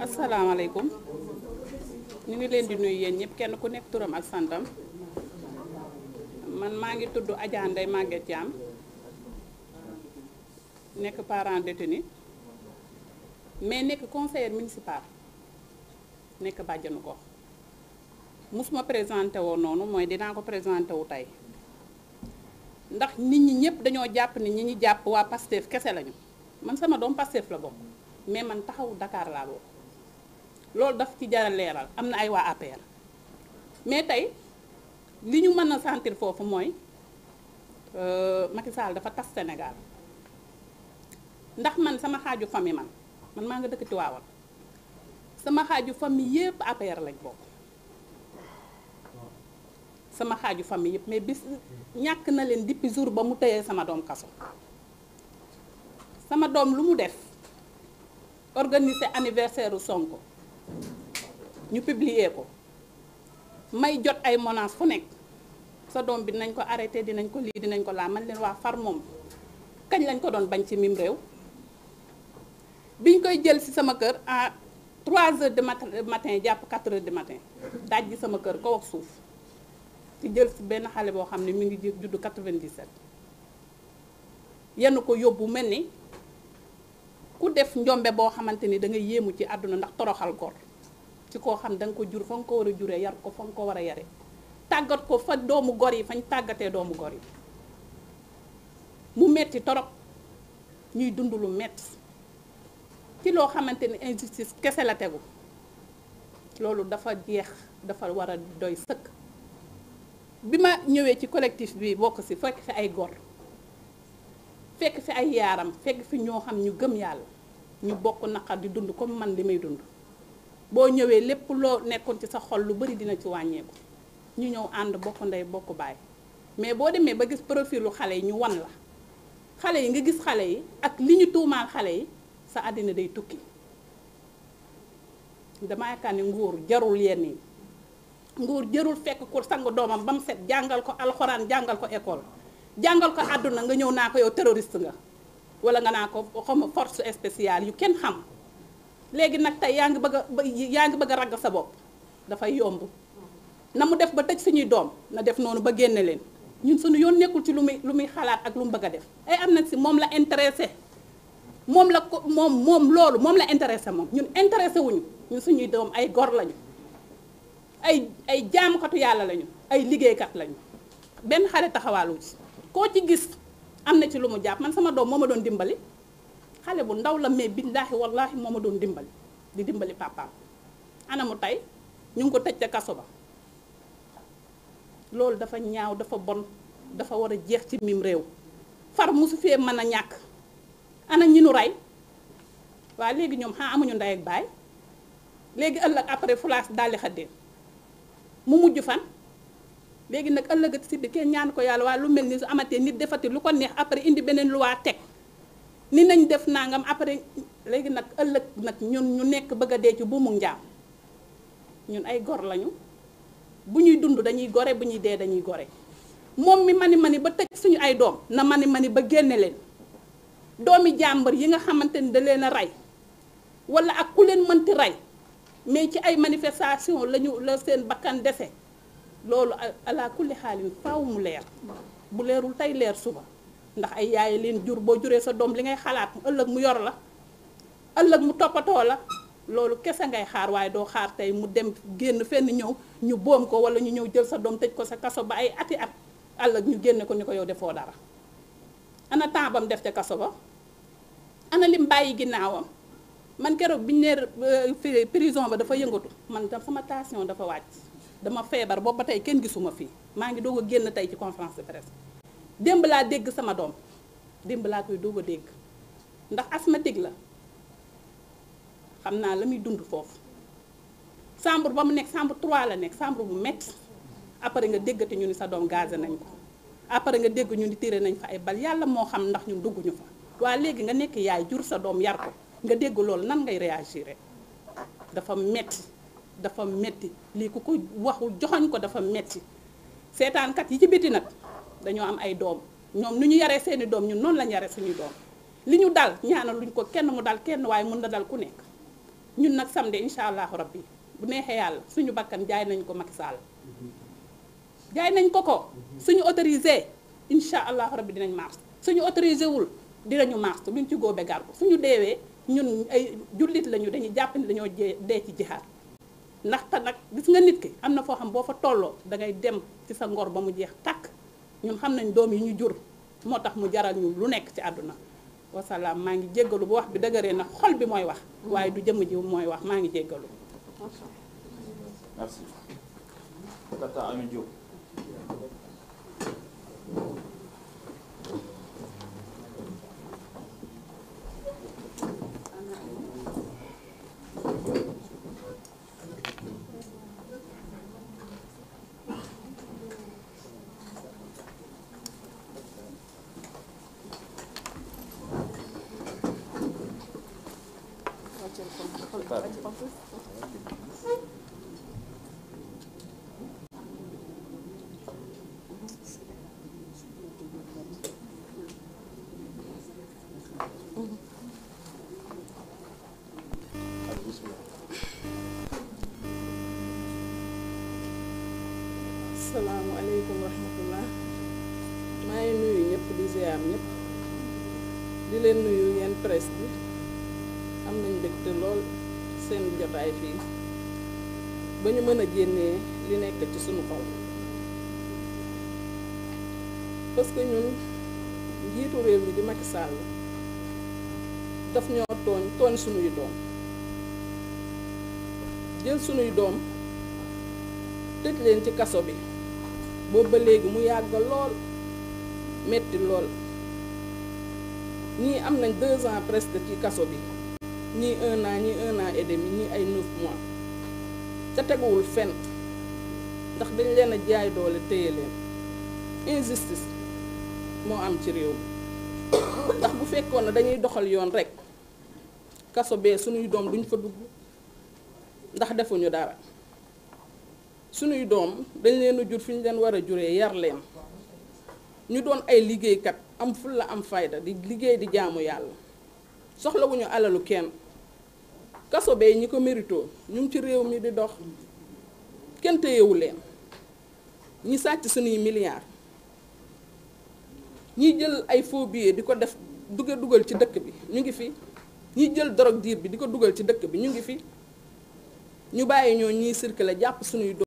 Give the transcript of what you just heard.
asalaamaaleykum ñu ngi leen di nuyu yéen ñëpp kenn ku nekk turam ak santam man maa ngi tudd Adja Ndeye Maguette Thiam nekk parent détenu mais nekk conseiller municipal nekk bàjjanu ko mosuma présenter woon noonu mooy dinaa ko présenté wu tey ndax nit ñi ñëpp dañoo jàpp ni ñi ñi jàpp waa Pastef kese lañu man sama doom Pastef la bokk mais man taxawu Dakar laa bokk loolu daf ci jara leeral am na ay waa APR mais tey li ñu mën a sentir foofu mooy euh, Macky Sall dafa tas Sénégal ndax man sama xaaju famille man man maa nga dëkk Tiwaawan sama xaaju famille yëpp APR lañ ko sama xaaju fami yëpp mais bis ñàkk na leen depuis jour ba mu tëyee sama doom kaso sama doom lu mu def organiser anniversaire u Sonko ñu publier ko may jot ay menaces fu nekk sa doom bi dinañ ko arrêté dinañ ko lii dinañ ko laa man leen waa far moom kañ lañ ko doon bañ ci mim réew biñ koy jël si sama kër à 3 heures de euh, matin jàpp 4 heures de matin daaj gi sama kër kaw ak suuf ci jël si benn xale boo xam ne mu ngi juddu 97 yenn ko yóbbu mel ni ku def njombe boo xamante ni da nga yéemu ci àdduna ndax toroxal gor ci koo xam da nga ko jur fa nga ko war a juree yar ko fa nga ko war a yare tàggat ko fa doomu gor yi fañ tàggatee doomu gor yi mu metti torop ñuy dund lu metti ci loo xamante ni injustice kese la tegu loolu dafa jeex dafa war a doy sëkk bi ma ñëwee ci collectif bi bokk si fekk fi ay góor fekk fi ay yaaram fekk fi ñoo xam ñu gëm yàlla ñu bokk naqar di dund comme man li may dund boo ñëwee lépp loo nekkoon ci sa xol lu bari dina ci wàññeeku ñu ñëw ànd bokk ndey bokk baay mais boo demee ba gis profilu xale yi ñu wan la xale yi nga gis xale yi ak li ñu tuumaal xale yi sa àddina day tukki dama yaakaar ni nguur jarul yenn yi nguur jarul fekk ku sang doomam ba mu set jàngal ko alxuraan jàngal ko école jàngal ko àdduna nga ñëw naa ko yow terroriste nga wala nga naa ko xawma force spéciale yu kenn xam léegi nag tey yaa ngi bëgg a yaa ngi bëgg a ragg sa bopp dafay yomb na mu def ba tëj suñuy doom na def noonu ba génne leen ñun suñu yoon nekkul ci lu muy lu muy xalaat ak lu mu bëgg a def ay am na si moom la intéressé moom la ko moom moom loolu moom la intéressé moom ñun intéressé wuñu ñun suñuy doom ay gor lañu ay ay jaamukatu yàlla lañu ay liggéeykat lañu benn xale taxawaalu ci koo ci gis am na ci lu mu jàpp man sama doom moom a doon dimbali xale bu ndaw la mais billaahi wallaahi moom ma doon dimbali di dimbali papaam mu tey ñu ngi ko tëj ca kaso ba loolu dafa ñaaw dafa bon dafa war a jeex ci miim réew far mosu fee mën a ñàkk ana ñi nu rey waaw léegi ñoom xaa amuñu ndey ak baay léegi ëllëg après fulaas daldi xaddeen mu mujj fan léegi nag ëllëg si di kenn ñaan ko yàlla waa lu mel ni su amatee nit defati lu ko neex après indi beneen lu waa teg ni nañ def nangam après léegi nag ëllëg nag ñun ñu nekk bëgg a dee ci buumu njaam ñun ay gor lañu bu ñuy dund dañuy gore bu ñuy dee dañuy gore moom mi mani mani ba tëj suñu ay doom na mani mani ba génne leen doomi jàmbar yi nga xamante ni da leen a rey wala ak ku leen mënti rey mais ci ay manifestation lañu la seen bakkan dese loolu ala kulli xaalin faaw mu leer bu leerul tey leer suba ndax ay yaay leen jur boo juree sa doom li ngay xalaat ëllëg mu yor la ëllëg mu toppatoo la loolu kese ngay xaar waaye doo xaar tey mu dem génn fenn ñëw ñu boom ko wala ñu ñëw jël sa doom tëj ko sa kaso ba ay ati at ëllëg ñu génne ko ni ko yow defoo dara ana temps def ca kaso ba ana lim bàyyi ginnaawam man keroog biñ ne euh, prison ba dafa yëngatu man tam sama tension dafa wàcc dama feebar boobu ba tey kenn gisuma fii maa ngi doog a génn tey ci conférence de presse démb laa dégg sama doom démb laa koy doog dégg ndax dégg la xam naa la muy dund foofu chambre ba mu nekk chambre 3 la nekk chambre bu métti après nga déggati ñu ni sa doom gazé nañ ko après nga dégg ñu ni tiré nañ fa ay bal yàlla moo xam ndax ñun dugguñu fa waa léegi nga nekk yaay jur sa doom yar ko nga dégg loolu nan ngay réagir dafa metti dafa metti li ku ko waxul joxoñ ko dafa metti seetaankat yi ci biti nag dañoo am ay doom ñoom nu ñu yaree seeni doom ñun noonu lañ yare suñuy doom li ñu dal ñaanal luñ ko kenn mu dal kenn waaye mun na dal ku nekk ñun nag samedi incha allahu bi bu neexee yàlla suñu bakkan jaay nañ ko Macky Sall jaay nañ ko ko mm-hmm. suñu autorisé incha allahu bi dinañ mars suñu autorisé wul dinañu mars duñ ci góobe garbu suñu deewee ñun ay jullit lañu dañuy jàpp ni dañoo jee dee ci jihaad ndaxte nag gis nga nit ki am na foo xam boo fa tolloo dangay dem ci sa ngor ba mu jeex tàkk ñun xam nañ doom yi ñu jur moo tax mu jaral ñu lu nekk ci àdduna wasalaam maa ngi jéggalu bu wax bi dëgëree na xol bi mooy wax waaye du jëmm ji mooy wax maa ngi jéggalu. merci. salaamu wa rahmatullah maay nuyu ñëpp di ziar di leen nuyu yeen presque am nañ te lool seen jotaay fii ba ñu mën a génnee li nekk ci sunu xol parce que ñun njiitu réew mi di mag Sall daf ñoo tooñ tooñ sunuy doom jël sunuy doom tëj leen ci kaso bi boobu ba léegi mu yàgg lool metti lool ñii am nañ deux ans presque ci kaso bi ñii un an ñii un an ay neuf mois ca teguwul fenn ndax dañ leen a jaay doole téye leen injustice moo am ci réew mi ndax bu fekkoon ne dañuy doxal yoon rekk kaso bee suñuy doom duñ fa dugg ndax defuñu dara. suñuy doom dañ leen jur fi ñu leen war a juree yar leen ñu doon ay liggéeykat am ful la am fayda di liggéey di jaamu yàlla soxlawuñu alalu kenn kaso bee ñi ko meritoo ñu ngi ci réew mi di dox kenn téyewu leen ñi sàcc suñuy milliards ñi jël ay faux di ko def duga dugal ci dëkk bi ñu ngi fi ñi jël drogue diir bi di ko dugal ci dëkk bi ñu ngi fi ñu bàyyi ñoo ñiy circuler jàpp suñuy